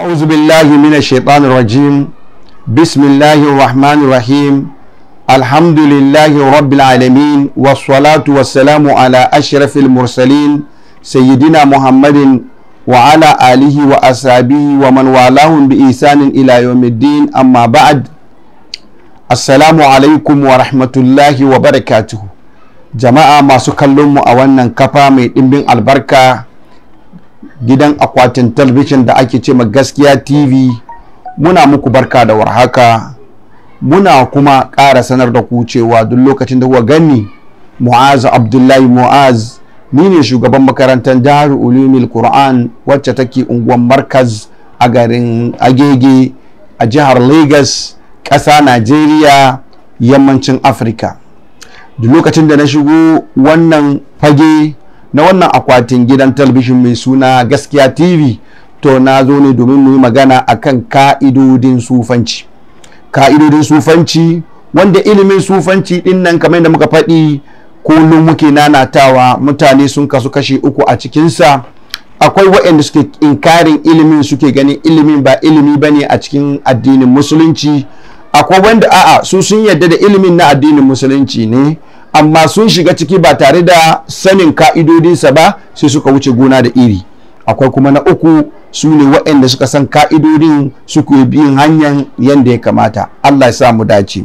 أعوذ بالله من الشيطان الرجيم بسم الله الرحمن الرحيم الحمد لله رب العالمين والصلاة والسلام على أشرف المرسلين سيدنا محمد وعلى آله وأصحابه ومن والاهم بإحسان إلى يوم الدين أما بعد السلام عليكم ورحمة الله وبركاته jama'a masu kallon mu a wannan kafa mai ɗimbin albarka gidan akwatin talbishin da ake ce ma gaskiya tv muna muku barka da warhaka muna kuma ƙara sanar da ku cewa duk lokacin da kuka gani mu'az abdullahi mu'az ni ne shugaban makarantar jihar ulumil qur'an wacce take unguwar markaz a garin agege a jihar lagos ƙasa najeriya yammacin afirka duk lokacin da na shigo wannan fage na wannan akwatin gidan talbishin mai suna gaskiya tv to na zo ne domin mu yi magana akan ka'idodin sufanci ka'idodin sufanci wanda ilimin sufanci din nan kamar yadda muka faɗi kullum muke nanatawa mutane sun kasu kashe uku a cikinsa akwai waɗanda suke inkarin ilimin suke ganin ilimin ba ilimi ba ne a cikin addinin musulunci akwai wanda a'a su sun yarda da ilimin na addinin musulunci ne amma sun shiga ciki ba tare da sanin ka'idodinsa ba sai suka wuce gona da iri akwai kuma na uku su ne waɗanda suka san ka'idodin su yi bin hanyar yadda ya kamata Allah ya sa mu dace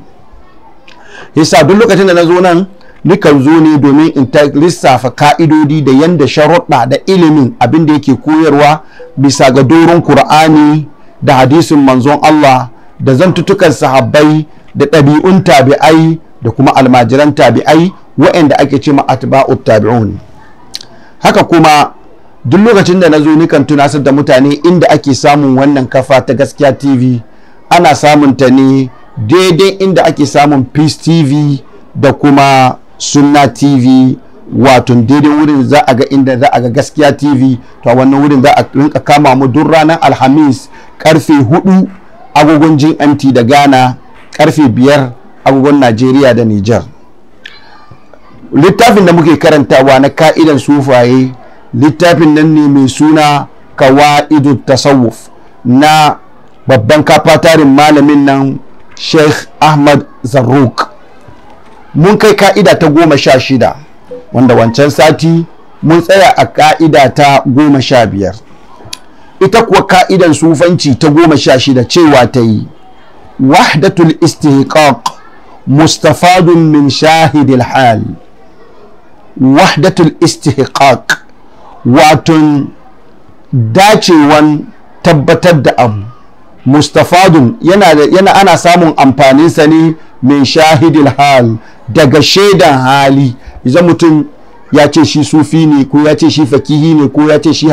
yasa duk lokacin da na zo nan nikan zo ne domin in ta lissafa ka'idodi da yadda sharuɗa da ilimin abin da yake koyarwa bisa ga doron Kur'ani da hadisin manzon Allah da zantutukan sahabbai da ɗabi'un tabi'ai da kuma almajiran tabi'ai waɗanda ake ce atba'ut tabi'un haka kuma duk lokacin da na zo nikan tunasar da mutane inda ake samun wannan kafa ta gaskiya tv ana samun ta ne daidai inda ake samun peace tv da kuma sunna tv wato daidai wurin za a ga inda za a ga gaskiya tv to wannan wurin za a rinka kama mu duk ranar alhamis karfe hudu agogon gmt da ghana karfe biyar abubuwan najeriya da nijar littafin da muke karantawa na ka'idan sufaye littafin nan ne mai suna kawa'idu tasawuf na babban kafatarin malamin nan sheikh ahmad zarruk mun kai ka'ida ta goma sha shida wanda wancan sati mun tsaya a ka'ida ta goma sha biyar ita kuwa ka'idan sufanci ta goma sha shida cewa ta yi wahdatul istihqaq مستفاد min شاهد الحال وحدة الاستحقاق واتن dacewan tabbatar da abu mustafadun yana, ana samun amfaninsa ne min shahidil hal daga shaidan hali idan mutum ya ce shi sufi ne ko ya ce shi fakihi ne ko ya ce shi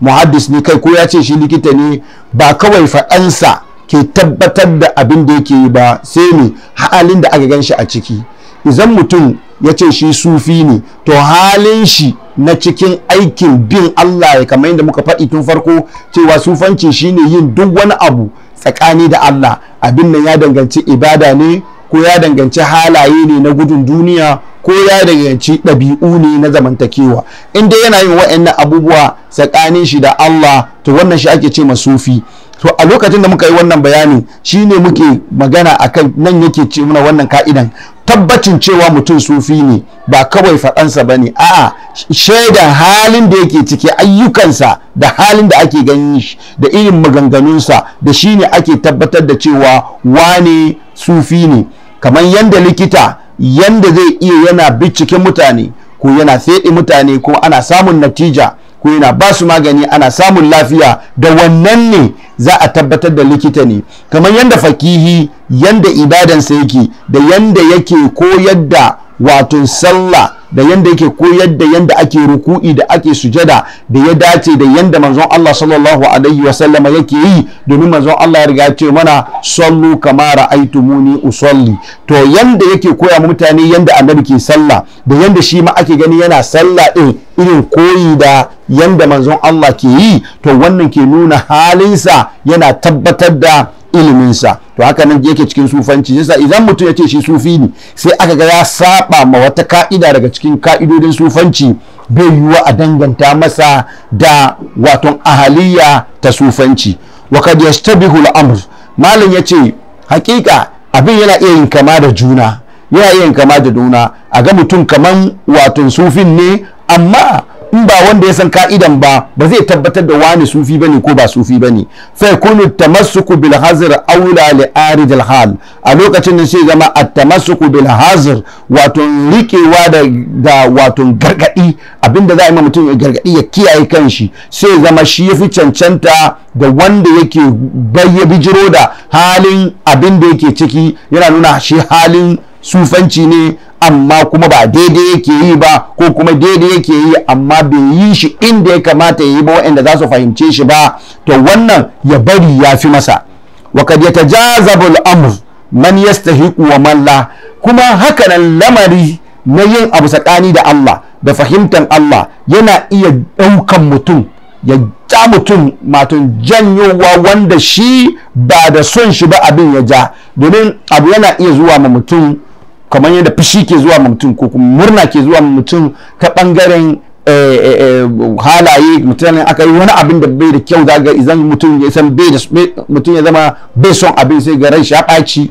muhaddis ne kai ko ya ce shi likita ne ba kawai faɗansa ke tabbatar da abin da yake yi ba sai ne halin da aka gan shi a ciki idan mutum ya ce shi sufi ne to halin shi na cikin aikin bin Allah ya kamar yadda muka faɗi tun farko cewa sufanci shine yin duk wani abu tsakani da Allah abin nan ya danganci ibada ne ko ya danganci halaye ne na gudun duniya ko ya danganci ɗabi'u ne na zamantakewa in dai yana yin wa'annan abubuwa tsakanin shi da Allah to wannan shi ake ce ma sufi to a lokacin da muka yi wannan bayani ne muke magana akan nan yake ce muna wannan ka'idan tabbacin cewa mutum sufi ne ba kawai faɗansa ba ne a'a shaidan halin da yake ciki ayyukansa da halin da ake ganin shi da irin maganganunsa da shi ne ake tabbatar da cewa wane sufi ne kamar yanda likita yanda zai iya yana bincike mutane ko yana feɗe mutane ko ana samun natija ko yana ba su magani ana samun lafiya da wannan ne za a tabbatar da likita ne kamar yadda fakihi yadda ibadansa yake da yadda yake koyar da wato sallah da yanda yake koyar da yanda ake ruku'i da ake sujada da ya dace da yanda manzon Allah sallallahu alaihi wa sallama yake yi domin manzon Allah ya riga ce mana sallu kama ra'aytumuni usalli to yanda yake koya mutane yanda annabi ke sallah da yanda shi ma ake gani yana sallah din irin koyi da yanda manzon Allah ke yi to wannan ke nuna halinsa yana tabbatar da iliminsa to haka nan yake cikin sufanci yasa idan mutum ya ce shi sufi ne sai aka ga ya saba ma wata ka'ida daga cikin ka'idodin sufanci bai yiwuwa a danganta masa da waton ahaliya ta sufanci wa kad yastabihu al-amr malam yace hakika abin yana iya yin kama da juna yana iya yin kama da juna a ga mutum kaman waton sufin ne amma ba wanda ya san ka'idan ba ba zai tabbatar da wani sufi bane ko ba sufi bane fa yakunu tamassuku bil hazr aula li arid al hal a lokacin da sai zama a tamassuku bil hazr wato rikewa da da wato gargadi abinda za a yi mutum ya gargadi ya kiyaye kan shi sai zama shi yafi cancanta da wanda yake bayyabi bijiro da halin abinda yake ciki yana nuna shi halin sufanci ne amma kuma ba daidai yake yi ba ko kuma daidai yake yi amma bai yi shi inda ya kamata ya yi ba waɗanda za su fahimce shi ba to wannan ya bari ya fi masa Wakad ya yatajazabu Zabul amr man yastahiqu wa man la kuma hakanan lamari na yin abu tsakani da Allah da fahimtar Allah yana iya ɗaukan mutum ya ja mutum matun janyowa wanda shi ba da son shi ba abin ya ja domin abu yana iya zuwa ma mutum kamar yadda fushi ke zuwa mutum ko kuma murna ke zuwa mutum ta bangaren eh, eh, eh, halaye mutane aka yi wani abin da bai da kyau zaga izan mutum ya san bai da mutum ya zama bai son abin sai ga rai shaɓaci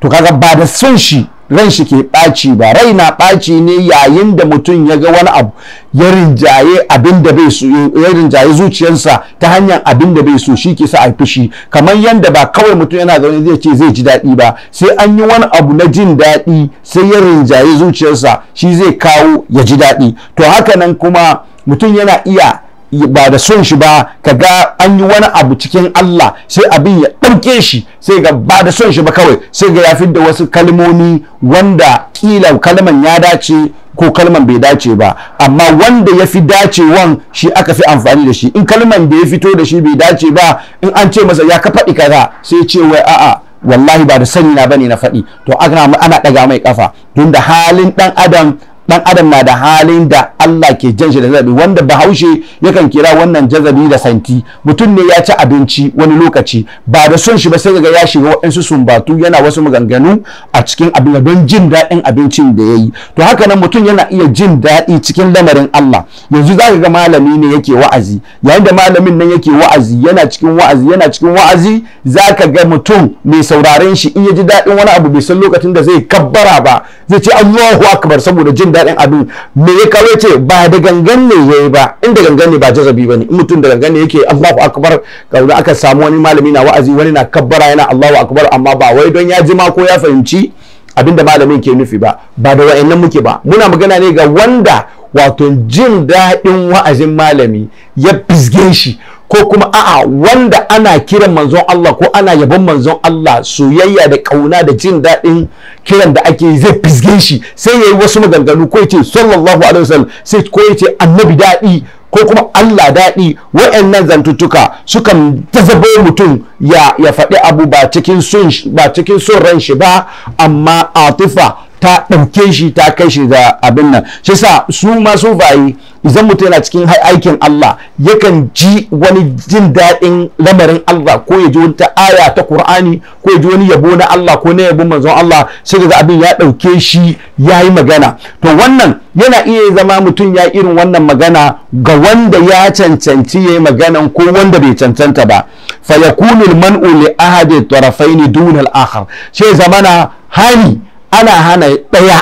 to kaga ba da son shi ran shi ke ɓaci ba rai na ɓaci ne yayin da mutum ya ga wani abu ya rinjaye abin da bai so ya rinjaye zuciyarsa ta hanyar abin da bai so shi ke sa a fushi kamar yadda ba kawai mutum yana zaune zai ce zai ji daɗi ba sai an yi wani abu na jin daɗi sai ya rinjaye zuciyarsa shi zai kawo ya ji daɗi to haka nan kuma mutum yana iya ba da son shi ba ka ga an yi wani abu cikin Allah sai abin ya ɗauke shi sai ga ba da son shi ba kawai sai ga ya da wasu kalmomi wanda kila kalman ya dace ko kalman bai dace ba amma wanda ya fi dacewan shi aka fi amfani da shi in kalman da ya fito da shi bai dace ba in an ce masa ya ka faɗi kaza sai ce wai a'a wallahi ba da sani na bane na faɗi to ana ɗaga mai kafa tunda halin ɗan adam dan adam na da halin da Allah ke jan shi da zabi wanda bahaushe yakan kira wannan jazabi da santi mutum ne ya ci abinci wani lokaci ba da son shi ba sai ga ya shiga waɗansu sumbatu yana wasu maganganu a cikin abin don jin daɗin abincin da ya yi to haka nan mutum yana iya jin daɗi cikin lamarin Allah yanzu za ga malami ne yake wa'azi yayin da malamin nan yake wa'azi yana cikin wa'azi yana cikin wa'azi za ka ga mutum mai sauraren shi in ya ji daɗin wani abu bai san lokacin da zai kabbara ba zai ce Allahu akbar saboda jin daɗin abin me ya kawo ce ba da gangan ne ya yi ba inda gangan ne ba jazabi ba ne mutum da gangan ne yake Allahu akbar wani aka samu wani malami na wa'azi wani na kabbara yana Allahu akbar amma ba wai don ya jima ko ya fahimci abin da malamin ke nufi ba ba da wa'annan muke ba muna magana ne ga wanda wato jin daɗin wa'azin malami ya fisge shi ko kuma a'a wanda ana kiran manzon Allah ko ana yabon manzon Allah soyayya da kauna da jin daɗin kiran da ake zai fisge shi sai yayi wasu maganganu ko yace sallallahu alaihi wasallam sai ko yace annabi daɗi ko kuma Allah daɗi wa'annan zantuttuka sukan tazabo mutum ya ya faɗi abu ba cikin son ba cikin son ran shi ba amma atifa ta ɗauke shi ta kai shi ga abin nan shi sa su ma sufayi idan mutum yana cikin aikin Allah yakan ji wani jin daɗin lamarin Allah ko ya ji wata aya ta Qur'ani ko ya ji wani yabo na Allah ko na yabo manzon Allah sai ga abin ya ɗauke shi ya yi magana to wannan yana iya zama mutum ya irin wannan magana ga wanda ya cancanci ya yi maganan ko wanda bai cancanta ba fayakunul man'u li ahadi tarafaini dunal akhar sai zamana hali. ana hana ɗaya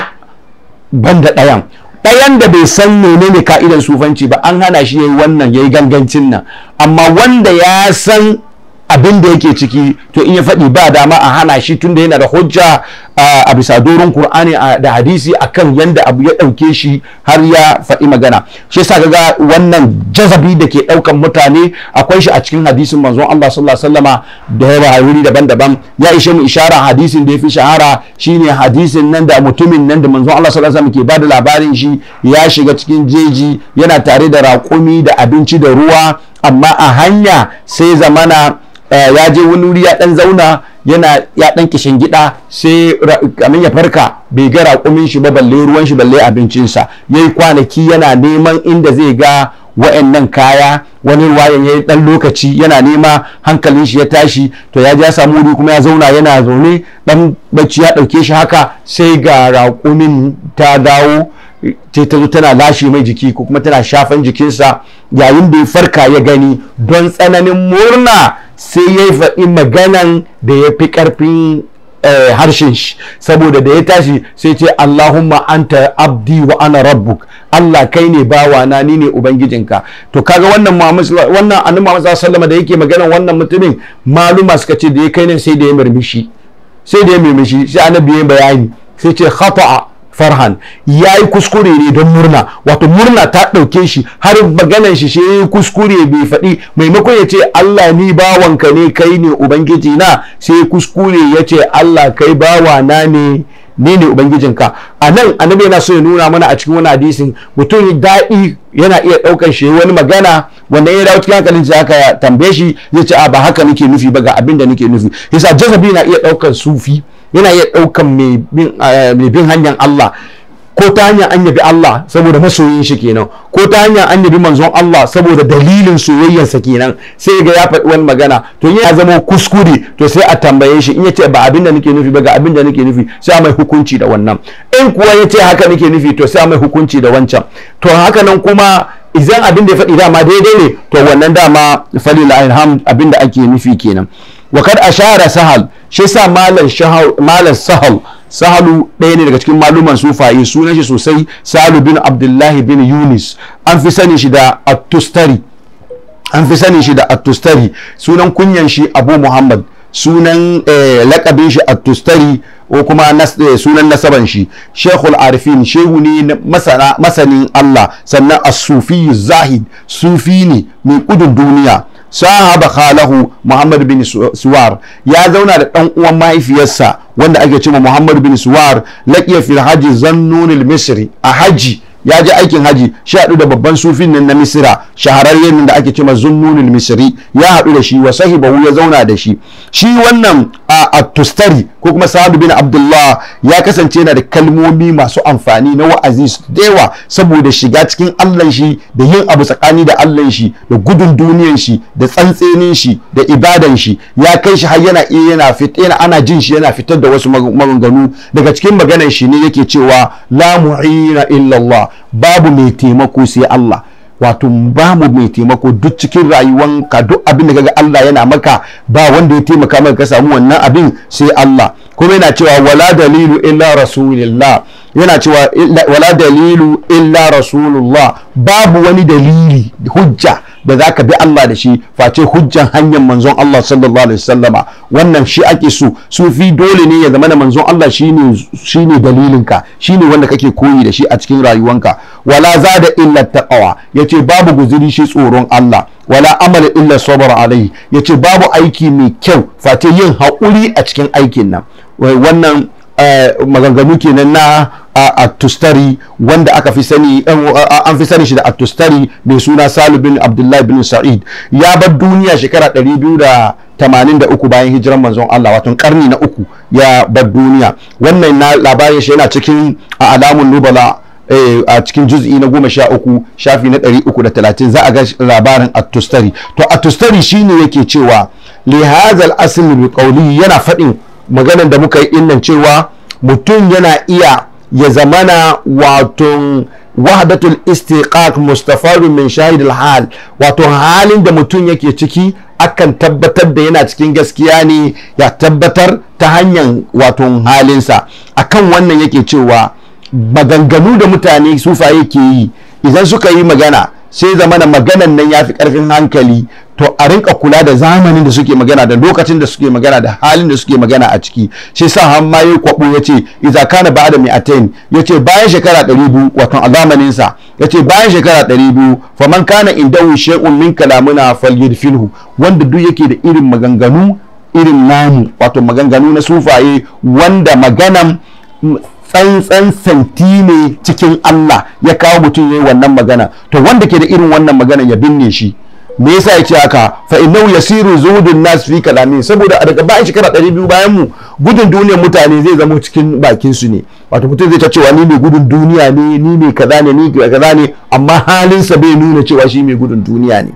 banda ɗayan ɗayan da bai san menene ka'idan sufanci ba an hana shi yayi wannan yayi gangancin nan amma wanda ya san abin da yake ciki to in ya faɗi ba dama a hana shi tunda yana da hujja a bisa doron Qur'ani da hadisi akan yadda abu ya dauke shi har ya faɗi magana shi yasa ga wannan jazabi da ke daukan mutane akwai shi a cikin hadisin manzon Allah sallallahu alaihi wasallama da yawa wuri daban-daban ya ishe mu ishara hadisin da ya fi shahara shine hadisin nan da mutumin nan da manzon Allah sallallahu alaihi wasallam ke bada labarin shi ya shiga cikin jeji yana tare da raƙumi da abinci da ruwa amma a hanya sai zamana eh, ya je wani wuri ya dan zauna yana ya dan kishin gida sai kamin ya farka bai ga raƙumin shi ba balle ruwan shi balle abincin sa yayi kwanaki yana neman inda zai ga wa'annan kaya wani wayan yayi dan lokaci yana nema hankalin shi ya tashi to ya ja samu wuri kuma ya zauna yana zaune dan bacci ya dauke shi haka sai ga raƙumin ta dawo ta zo tana lashe mai jiki ko kuma tana shafan jikinsa yayin da farka ya gani don tsananin murna sai ya faɗi maganan da ya fi ƙarfin eh, harshen shi saboda da ya tashi sai ce Allahumma anta abdi wa ana rabbuk Allah kai ne bawana ni ne ubangijinka to kaga wannan Muhammad wannan annabi Muhammad sallallahu da yake maganan wannan mutumin maluma suka ce da ya kai ne sai da ya murmushi sai da ya murmushi sai annabi ya bayani sai ce khata'a farhan ya yi kuskure ne don murna wato murna ta ɗauke shi har maganan shi shi kuskure bai faɗi maimakon ya ce Allah ni bawanka ne kai ne ubangiji na sai kuskure ya ce Allah kai bawa na ne ni ne ubangijinka a nan annabi yana so ya nuna mana a cikin wani hadisin mutum daɗi yana iya ɗaukar shi wani magana wanda ya dawo cikin hankalin shi aka tambaye shi zai ce a ba haka nake nufi ba ga abin da nake nufi yasa jazabi na iya ɗaukar sufi yana iya ɗaukan eh, mai bin hanyar Allah ko ta hanyar an yabi Allah saboda masoyin shi kenan ko ta hanyar an yabi manzon Allah saboda dalilin soyayyarsa kenan sai ga ya faɗi wani magana to ya zama kuskure to sai a tambaye shi in ya ce ba abin da nake nufi ba ga abin da nake nufi sai a mai hukunci da wannan in kuwa ya ce haka nake nufi to sai a mai hukunci da wancan to haka nan kuma idan abin da ya faɗi dama daidai ne to wannan dama falil ham abin da ake nufi kenan wa a ashara sahal shi sa malam sahal sahalu ɗaya ne daga cikin maluman sufaye sunan shi sosai sahalu bin abdullahi bin yunis an fi sani shi da attustari an fi shi da sunan kunyan shi abu muhammad sunan lakabin shi attustari ko kuma sunan nasaban shi shekul arifin shehu ne masanin allah sannan as zahid sufi ne mai kudin duniya sahaba khalahu Muhammad bin Suwar ya zauna da dan uwan mahaifiyarsa wanda ake cewa Muhammad bin Suwar laqiya fil haji al misri a haji ya ji aikin haji shi haɗu da babban sufin nan na misira shahararren nan da ake cewa zunnunil misri ya haɗu da shi wa sahibahu ya zauna da shi shi wannan at-tustari ko kuma sa'ad bin abdullah ya kasance yana da kalmomi masu amfani na wa'azi su dewa saboda shiga cikin allan shi da yin abu tsakani da allan shi da gudun duniyan shi da tsantsenin shi da ibadan shi ya kai shi har yana iya yana fit yana ana jin shi yana fitar da wasu maganganu daga cikin maganar shi ne yake cewa la mu'ina illallah babu mai taimako sai Allah wato mu mai taimako duk cikin ka duk abin da kaga Allah yana maka ba wanda ya taimaka maka ka samu wannan abin sai Allah kuma yana cewa wala dalilu illa rasulillah yana cewa wala dalilu illa rasulullah babu wani dalili hujja da zaka bi Allah da shi face hujjan hanyar manzon Allah sallallahu alaihi wasallama wannan shi ake so sufi dole ne ya zama na manzon Allah shine shine dalilinka shine wanda kake koyi da shi a cikin rayuwanka wala zada illa taqwa yace babu guzuri shi tsoron Allah wala amala illa sabr alai yace babu aiki mai kyau face yin haƙuri a cikin aikin nan wannan Eh, maganganu kenan na atustari wanda aka fi sani an fi sani shi da atustari mai suna salu bin abdullahi bin sa'id ya bar duniya shekara 283 bayan hijiran manzon Allah wato karni na uku ya bar duniya wannan na labarin shi yana cikin a alamun nubala eh, a cikin juz'i na goma sha uku shafi na ɗari uku da talatin za a ga labarin atustari to atustari shi ne yake cewa lihazal asli bi yana faɗin maganan da muka yi innan cewa mutum yana iya ya zamana watun wahdatul istiqaq mustafaru min shahidul hal wato halin da mutum yake ciki akan tabbatar da yana cikin gaskiya ne ya tabbatar ta hanyar wato halinsa akan wannan yake cewa maganganu da mutane sufaye ke yi idan suka yi magana sai zamana maganan nan ya fi hankali to a rinka kula da zamanin da suke magana da lokacin da suke magana da halin da suke magana a ciki shi sa ma ya kwabo yace ce iza kana ba da mi'atain ya ce bayan shekara ɗari biyu wato a zamanin sa ya bayan shekara ɗari biyu faman kana indahu shay'un min kalamuna filhu wanda duk yake da irin maganganu irin namu wato maganganu na sufaye wanda maganan tsantsan santi ne cikin Allah ya kawo mutum yi wannan magana to wanda ke da irin wannan magana ya binne shi me yasa yake haka fa innahu yasiru zudun nas fi kalami saboda daga bayan shekara 200 bayan mu gudun duniyar mutane zai zama cikin bakin su ne wato mutum zai ta cewa ni mai gudun duniya ne ni mai kaza ne ni kaza ne amma halin sa bai nuna cewa shi mai gudun duniya ne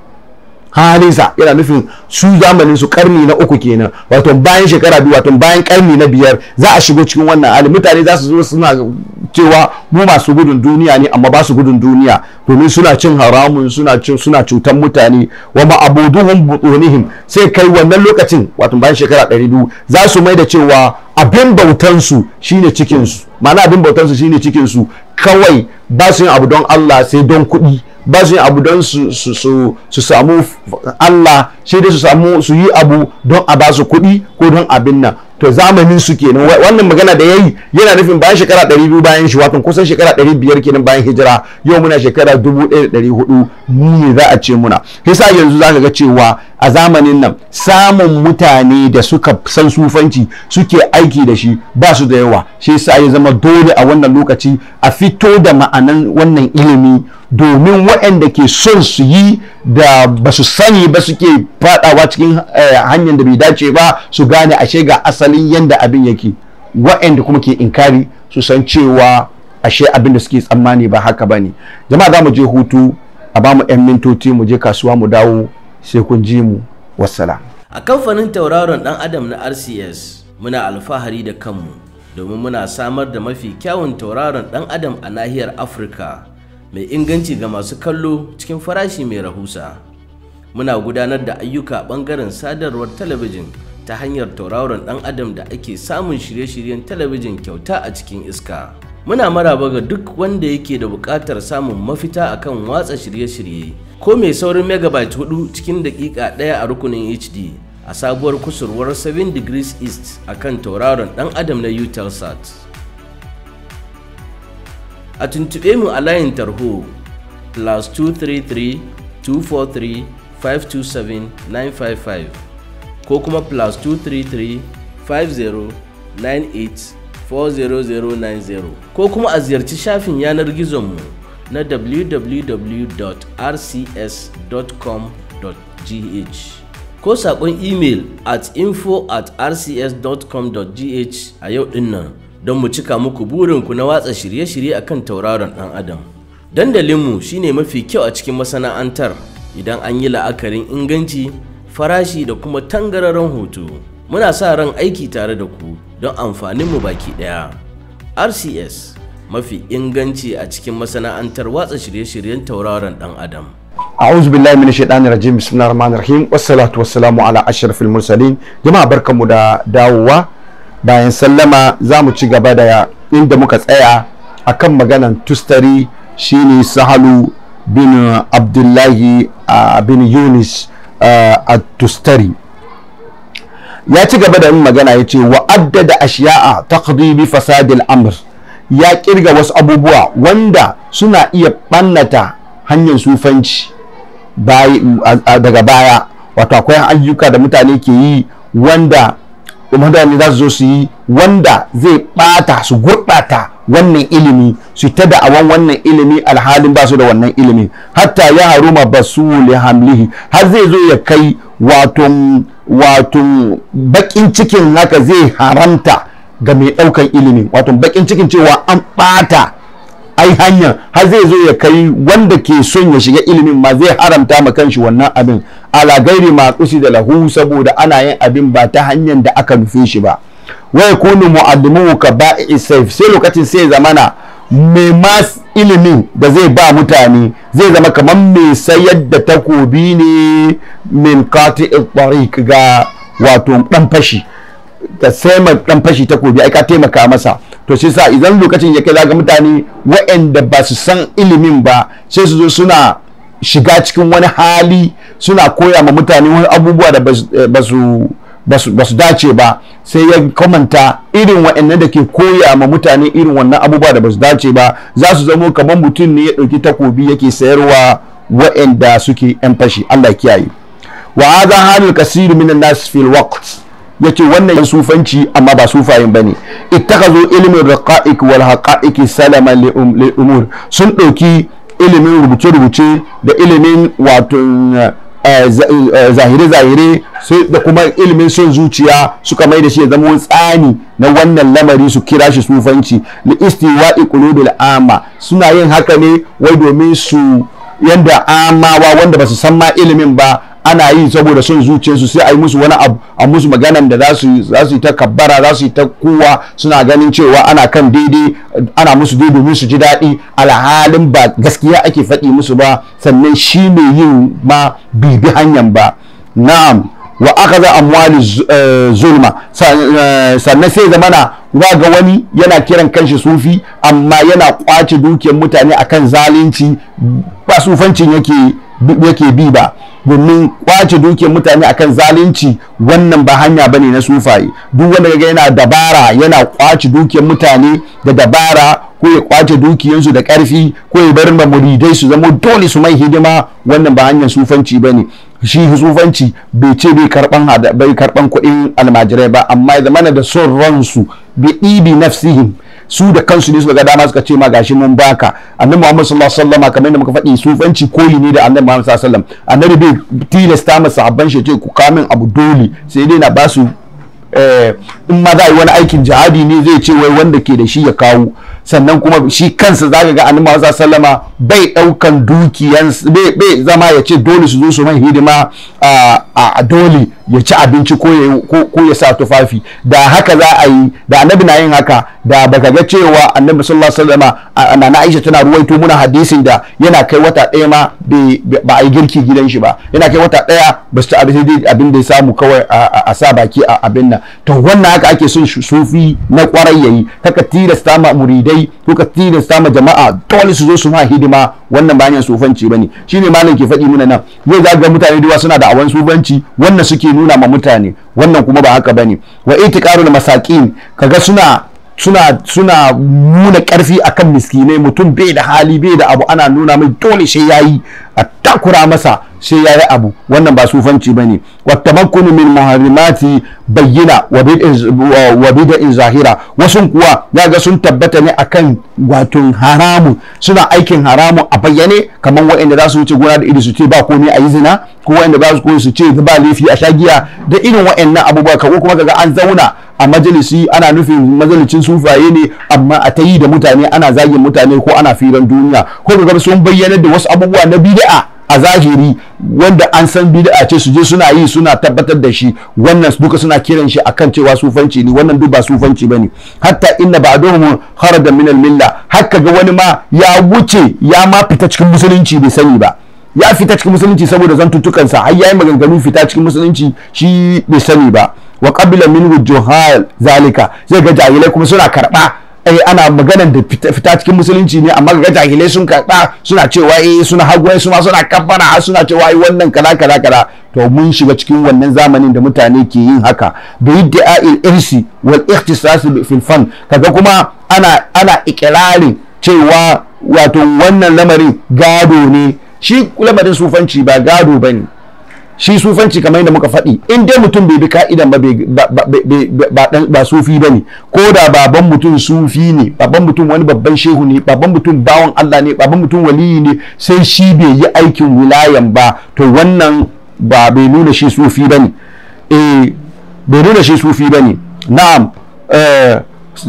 halinsa yana nufin su zamanin su karni na uku kenan wato bayan shekara biyu wato bayan karni na biyar za a shigo cikin wannan hali mutane za su zo suna cewa mu masu gudun duniya ne amma ba su gudun duniya domin suna cin haramun suna cin suna cutan mutane wa ma'abuduhum butunihim sai kai wannan lokacin wato bayan shekara 200 za su mai da cewa abin bautan su shine cikinsu ma'ana abin bautan su shine cikinsu kawai ba su yin abu don Allah sai don kuɗi ba su yi abu don su samu Allah sai dai su samu su yi abu don a ba su kuɗi ko don abin nan to zamanin su kenan wannan magana da yayi yana nufin bayan shekara 200 bayan shi wato kusan shekara 500 kenan bayan hijira yau muna shekara 1400 mu ne za a ce muna yasa yanzu zaka ga cewa a zamanin nan samun mutane da suka san sufanci suke aiki da shi ba su da yawa shi yasa ya zama dole a wannan lokaci a fito da ma'anan wannan ilimi domin waɗanda ke son su yi da ba su sani ba suke fadawa cikin eh, hanyar da bai dace ba su gane ashe ga asalin yadda abin yake waɗanda kuma ke inkari su san cewa ashe abin da suke tsammani ba haka ba ne jama'a za mu je hutu a ba mu 'yan mintoci mu je kasuwa mu dawo sai kun ji mu wasala. a kamfanin tauraron dan adam na rcs muna alfahari da kanmu domin muna samar da mafi kyawun tauraron dan adam a nahiyar afirka mai inganci ga masu kallo cikin farashi mai rahusa muna gudanar da ayyuka bangaren sadarwar talabijin ta hanyar tauraron dan adam da ake samun shirye-shiryen talabijin kyauta a cikin iska muna maraba ga duk wanda yake da buƙatar samun mafita akan watsa shirye-shirye ko mai saurin megabyte hudu cikin dakika daya a rukunin hd a sabuwar kusurwar 7 degrees east a kan tauraron dan adam na utelsat a tuntube mu a layin tarho plus 233 243 527 955 ko kuma plus 233 50 98 40090 ko kuma a ziyarci shafin yanar gizon mu na www.rcs.com.gh ko saƙon imel at info at rcs.com.gh a yau ɗin nan don mu cika muku burinku na watsa shirye-shirye a kan tauraron ɗan adam. Dandalinmu shine mafi kyau a cikin masana'antar idan an yi la'akarin inganci, farashi da kuma tangararren hoto. Muna sa ran aiki tare da ku don amfaninmu baki ɗaya. RCS mafi inganci a cikin masana'antar watsa shirye-shiryen tauraron dan adam a'udhu billahi minash shaitanir rajim bismillahir rahmanir rahim wassalatu wassalamu ala ashrafil mursalin jama'a barkamu da dawowa bayan sallama za mu ci gaba da inda muka tsaya akan maganan tustari ne sahalu bin abdullahi bin yunis a tustari ya ci gaba da yin magana ya ce wa'addada ashiya'a taqdi bi fasadil amr ya kirga wasu abubuwa wanda suna iya ɓannata hanyar sufanci daga baya wato akwai ayyuka da mutane ke yi wanda mutane za su zo su yi wanda zai ɓata su gurɓata wannan ilimi su ta awon wannan ilimi alhalin ba su da wannan ilimi hatta ya haruma ba su hamlihi har zai zo ya kai wato bakin cikin haka zai haramta ga mai ɗaukan ilimi wato bakin cikin cewa an ɓata ai hanya har zai zo ya kai wanda ke son ya shiga ilimin ma zai haramta ma kanshi wannan abin ala gairi ma kusi da lahu saboda ana yin abin ba ta hanyar da aka nufe shi ba wai kunu mu'addimu ka ba'i saif sai lokacin sai zamana mai mas ilimin da zai ba mutane zai zama kamar mai sayar da takobi ne min qati'i tariq ga wato dan fashi ka sai ma dan fashi takobi ai ka taimaka masa to shi sa idan lokacin ya kai zaga mutane waɗanda ba su san ilimin ba sai su zo suna shiga cikin wani hali suna koya ma mutane wani abubuwa da ba su eh, dace ba sai ya kamanta irin waɗanda da ke koya ma mutane irin wannan abubuwa da ba su dace ba za su zamo kamar mutum ne ya ɗauki takobi yake sayarwa waɗanda suke 'yan fashi Allah kiyaye wa hadha halul kasir minan nas fil waqt ya ce wannan yin sufanci amma ba sufayin ba ne ittakazo ilimin raqa'iq wal haqa'iq salaman um-, li umur sun ɗauki ilimin rubuce-rubuce da ilimin wato eh, eh, zahire-zahire da kuma ilimin son zuciya suka mai da shi ya zama tsani na wannan lamari su kira shi sufanci li istiwa'i qulubil ama suna yin haka ne wai domin su yanda amawa wanda ba su san ma ilimin ba ana yi saboda son zuciyarsu sai a yi musu wani abu a musu maganan da za su yi ta kabbara za su yi ta kowa suna ganin cewa ana kan daidai ana musu daidai domin su ji daɗi alhalin ba gaskiya ake faɗi musu ba sannan shi mai yin ma bibi hanyar ba na'am wa a amwali eh, zulma eh, sannan sai zamana wa ga wani yana kiran kanshi sufi amma yana kwace dukiyar mutane akan zalunci ba sufancin yake bi ba domin kwace dukiyar mutane akan zalunci wannan ba hanya bane na sufaye duk wanda ga yana dabara yana kwace dukiyar mutane da dabara ko ya kwace dukiyarsu da karfi ko ya bar muridai su zama dole su mai hidima wannan ba hanyar sufanci bane shi tsufanci bai ce bai karban bai karban kuɗin almajirai ba amma ya zamana da son ransu bi ibi nafsihim su da kansu ne su ga dama suka ce ma gashi mun baka annabi Muhammad sallallahu alaihi wasallam kamar yadda muka faɗi sufanci koyi ne da annabi Muhammad sallallahu alaihi wasallam annabi bai tilasta masa abban shi ce ku kamin abu dole sai dai na ba su Eh, in ma za a yi wani aikin jihadi ne zai ce wai wanda ke da shi ya kawo sannan kuma shi kansa za ga annabi Muhammad bai daukan dukiyan bai zama ya ce dole su zo su mai hidima a dole ya ci abinci ko ya sa tufafi da haka za a yi da annabi na yin haka da baka ga cewa annabi sallallahu alaihi wasallam na Aisha tana ruwaito muna hadisin da yana kai wata daya ma ba a yi girki gidan shi ba yana kai wata ɗaya ba su abin abin da ya samu kawai a sa baki a abin nan to wannan haka ake son sufi na kwarai yayi kaka tilasta ma muridai ko ka tilasta ma jama'a dole su zo su ma hidima wannan ba hanyar sufanci bane shine malam ke faɗi muna nan yau ga mutane da suna da awan sufanci wannan suke nuna ma mutane wannan kuma ba haka bane wa itiqarul masakin kaga suna suna suna nuna karfi akan miskinai mutum bai da hali bai da abu ana nuna mai dole sai yayi a takura masa sai yayi abu wannan ba sufanci bane wattamakkunu min muharrimati bayyina wa bid'in zahira wasu kuwa ya ga sun tabbata ne akan gwatun haramu suna aikin haramun a bayyane kamar waɗanda za su wuce gona da iri su ce ba komai a yi zina ko waɗanda za su su ce ba laifi a shagiya da irin wa'annan abubuwa ko kuma kaga an zauna a majalisi ana nufin majalicin sufaye ne amma a ta yi da mutane ana zagin mutane ko ana firan duniya ko ga sun bayyana da wasu abubuwa na bid'a a zahiri wanda an san bid'a ce su je suna yi suna tabbatar da shi wannan duka suna kiran shi akan cewa sufanci ne wannan duk ba sufanci bane hatta inna ba'dahum kharaja min al-milla hakka ga wani ma ya wuce ya ma fita cikin musulunci bai sani ba ya fita cikin musulunci saboda zantutukansa har yi maganganu fita cikin musulunci shi bai sani ba wa qabila min wujuhal zalika zai ga jahilai kuma suna karba ai eh, ana magana da fita cikin musulunci ne amma ga jahilai sun karba suna cewa eh suna hagwai suna suna kabbara har suna cewa ai wannan kaza kaza kaza to mun shiga cikin wannan zamanin da mutane ke yin haka bi da'il irsi wal ikhtisas fil fan kaga kuma ana ana ikirarin cewa wato wannan lamarin gado ne shi lamarin sufanci ba gado ba ne shi sufanci kamar yadda muka faɗi in dai mutum bai bi ka'idan ba ba sufi ba ne ko da baban mutum sufi ne baban mutum wani babban shehu ne baban mutum bawan Allah ne baban mutum waliyi ne sai shi bai yi aikin wilayan ba to wannan ba bai nuna shi sufi ba ne eh, bai nuna shi sufi ba ne na'am eh,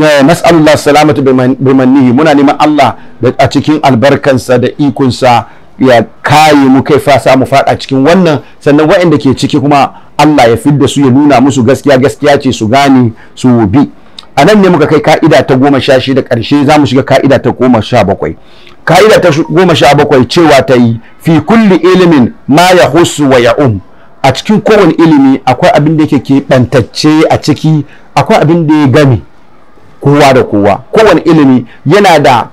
eh, nas'alullah salamatu manni muna neman Allah a cikin albarkansa da ikonsa ya kayi mu kai fa samu fada cikin wannan sannan waɗanda ke ciki kuma Allah ya fidda su ya nuna musu gaskiya gaskiya ce su gane su bi a nan ne muka kai ka'ida ta goma sha shida ƙarshe za mu shiga ka'ida ta goma sha bakwai ka'ida ta goma sha bakwai cewa ta yi fi kulli ilimin ma ya husu wa ya um a cikin kowane ilimi akwai abin da yake keɓantacce a ciki akwai abin da ya gami kowa da kowa kowane ilimi yana da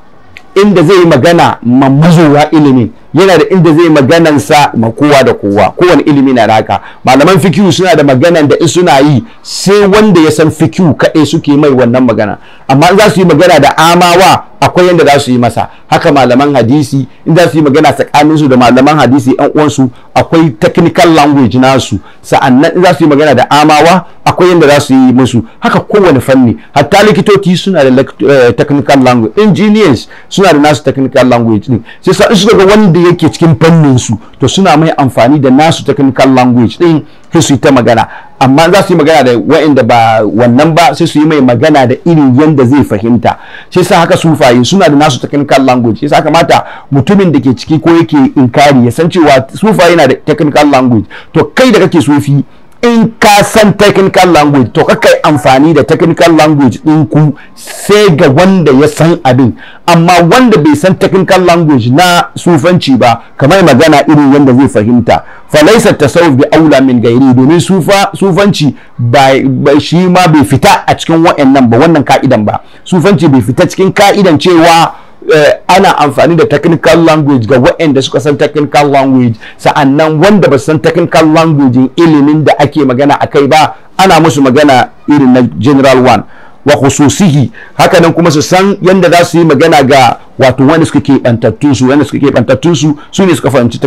inda zai magana ma mazowa ilimin yana da inda zai maganansa ma kowa da kowa kowane ilimi na naka malaman fikihu suna da maganan da in suna yi sai wanda ya san fikihu kaɗai suke mai wannan magana amma in za su yi magana da amawa akwai yadda za su yi masa haka malaman hadisi in za su yi magana tsakaninsu da malaman hadisi yan uwansu akwai technical language nasu sa'annan in za su yi magana da amawa akwai yadda za su yi musu haka kowane fanni hatta likitoci suna da eh, technical language engineers suna da nasu technical language din sai sa in suka ga wanda yake cikin fannin su to suna mai amfani da nasu technical language din sai su yi ta magana amma za su yi magana da wa'inda ba wannan ba sai su yi mai magana da irin yanda zai fahimta shi sa haka sufaye suna da nasu technical language shi sa kamata mutumin da ke ciki ko yake inkari ya san cewa sufaye na da technical language to kai da kake sofi. in ka san technical language to kai amfani da technical language ɗinku sai ga wanda ya san abin amma wanda bai san technical language na sufanci ba kamar magana irin yadda zai fahimta falaisa tasawuf bi aula min gairi domin sufa sufanci ba shi ma bai fita a cikin wa'annan ba wannan ka'idan ba sufanci bai fita cikin ka'idan cewa Eh, ana amfani da technical language ga waɗanda suka san technical language sa'annan wanda ba san technical language ilimin da ake magana akai ba ana musu magana irin na general one wa khususihi hakanan kuma su san yanda za su yi magana ga wato wanda suka ke bantattun su wanda suka ke bantattun su su ne suka fahimci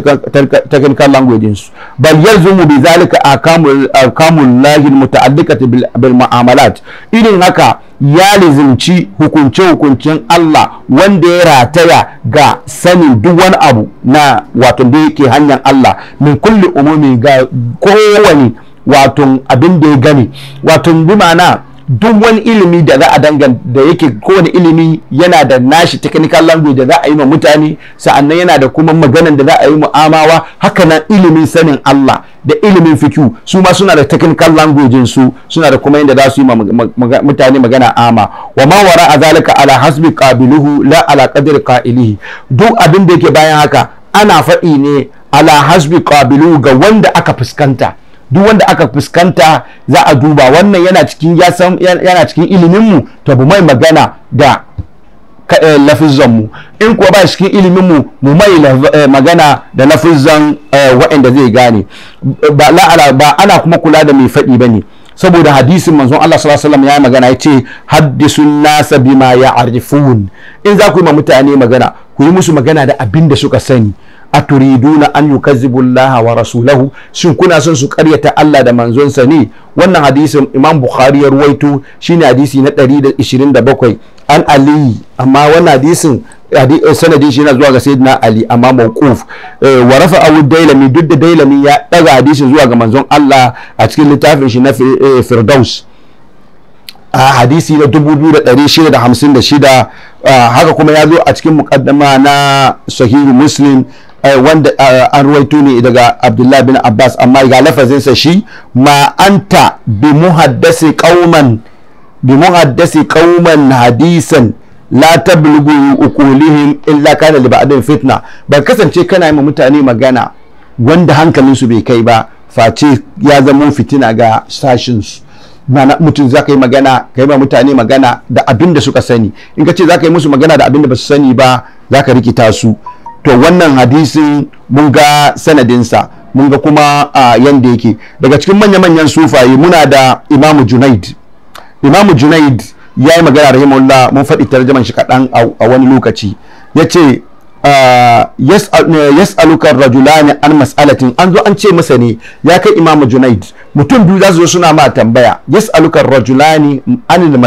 technical language su bal yalzumu bi zalika akamul akamul lahi muta'alliqati bil mu'amalat irin haka ya lazimci hukunce hukuncen Allah wanda ya rataya ga sanin duk wani abu na wato da yake hanyar Allah min kulli umumi ga kowane wato abin da ya gani wato bi ma'ana duk wani ilimi da za a dangan da yake kowane ilimi yana da nashi technical language da za a yi ma mutane sa'annan yana da kuma maganan da za a yi mu'amawa haka nan ilimin sanin Allah da ilimin fikihu su ma suna da technical language su suna da kuma yadda za su yi ma mutane magana ama wa ma wara azalika ala hasbi qabiluhu la ala qadir qa'ilihi duk abin da yake bayan haka ana faɗi ne ala hasbi qabiluhu ga wanda aka fuskanta duk wanda aka fuskanta za a duba wannan yana cikin yana cikin iliminmu to bu mai magana da eh, mu in kuwa ba cikin iliminmu mu mai eh, magana da lafizan eh, wayanda zai gane ba ana kuma kula da mai faɗi ba ne saboda hadisin manzon Allah sallallahu alaihi wasallam ya magana ya ce haddisun nasa bima ya'rifun in za ku yi ma mutane magana ku yi musu magana da abin da suka sani aturiduna an yukazzibu Allah wa rasulahu shin kuna son su karyata Allah da manzonsa ne wannan hadisin Imam Bukhari ya ruwaito shine hadisi na 127 an Ali amma wannan hadisin eh, sanadin shi yana zuwa ga sayyidina Ali amma mawquf eh, wa rafa'ahu dailami duk da dailami ya daga hadisin zuwa ga manzon Allah a cikin littafin shi na eh, Firdaus a hadisi na 2656 ah, haka kuma ya zo a cikin mukaddama na sahihu muslim Eh, wanda eh, an ruwaito ne daga abdullahi bin abbas amma ga lafazinsa shi ma anta bi muhaddasi kauman bi hadisan la tablughu uqulihim illa kana li ba'din fitna ba kasance kana yi mutane magana wanda su bai kai ba face ya zama fitina ga sashinsu mana mutum za ka yi magana ka yi ma mutane magana da abin da suka sani in ka ce za ka yi musu magana da abin da ba su sani ba za ka rikita su to wannan hadisin mun ga sanadinsa mun ga kuma a yanda yake daga cikin manya-manyan sufaye muna da imamu junaid imamu junaid ya yi magana rahimullah mun faɗi tarjaman shi kaɗan a wani lokaci ya ce rajula rajulani an mas'alatin an zo an ce masa ne ya kai imamu junaid mutum biyu za su zo suna ma tambaya rajula rajulani an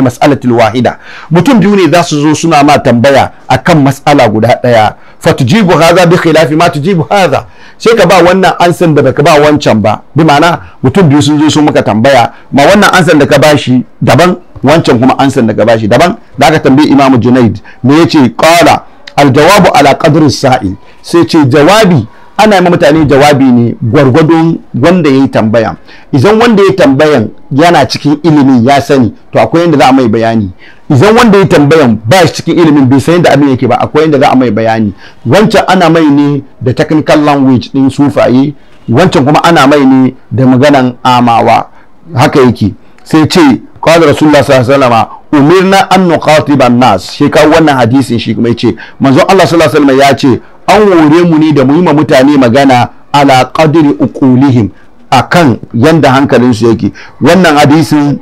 mas'alatin wahida mutum biyu ne za su zo suna ma tambaya akan mas'ala guda daya fatujibu hadha bi khilafi ma tujibu hadha sai ka ba wannan ansan da baka ba wancan ba bi ma'ana mutum biyu sun zo sun maka tambaya ma wannan ansan da ka ba shi daban wancan kuma ansan da ka ba shi daban da aka tambayi imamu junaid me yace qala aljawabu ala qadri sa'il sai ce jawabi ana yi mutane jawabi ne gwargwadon wanda ya yi tambaya idan wanda ya yi tambayan yana cikin ilimin ya sani to akwai yadda za a mai bayani idan wanda ya yi tambayan ba shi cikin ilimin bai san yadda abin yake ba akwai yadda za a mai bayani wancan ana mai ne da technical language din sufaye wancan kuma ana mai ne da maganan amawa haka yake sai ce qala rasulullah sallallahu alaihi umirna an nuqatiba nas shi ka wannan hadisin shi kuma yace manzo Allah sallallahu alaihi wasallam ya ce an wore mu ne da mu yi ma mutane magana ala qadri uqulihim akan yanda su yake wannan hadisin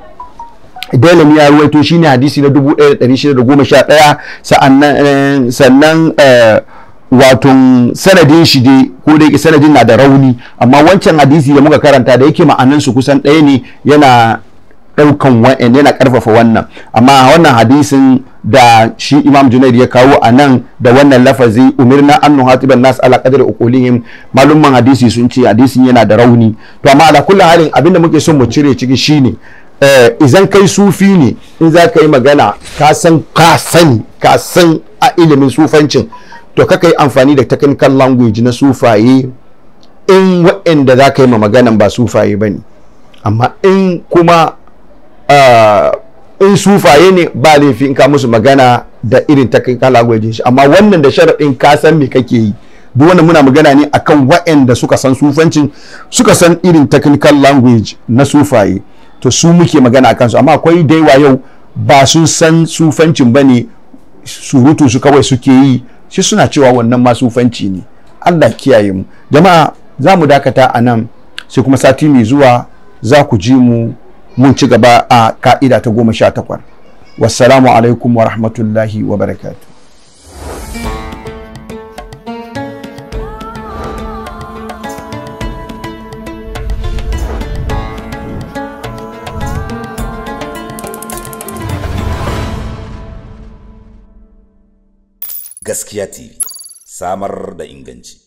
Dalami ya ruwaito shine hadisi na 1611 sa'annan eh, sannan eh, wato sanadin shi dai ko da yake sanadin na da rauni amma wancan hadisi da muka karanta da yake ma'anan su kusan ɗaya ne yana ɗaukan wa'in yana karfafa wannan amma wannan hadisin da shi imam junaid ya kawo a nan da wannan lafazi umirna an nuhatiban nas ala qadri uqulihim malumman hadisi sun ce hadisin yana da rauni to amma ala kullu halin abinda muke son mu cire ciki shine eh, Izan kai sufi ne in za ka yi magana ka san ka a ilimin sufancin to ka yi amfani da technical language na sufaye in wa'inda za ka yi ma maganan ba sufaye ba ne amma in kuma Ah, in sufaye ne ba laifi in ka musu magana da irin ta kan shi amma wannan da sharaɗin ka san me kake yi duk wannan muna magana ne akan waɗanda suka san sufancin suka san irin technical language na sufaye to su muke magana akan su amma akwai da wa yau ba sun san sufancin ba ne surutu su kawai suke yi shi suna cewa wannan ma sufanci ne Allah kiyaye mu jama'a za mu dakata anan sai kuma sati mai zuwa za ku ji mu mun ci gaba a ka'ida ta goma sha takwar. wassalamu alaikum wa rahmatullahi wa barakatu. Gaskiya TV samar da inganci.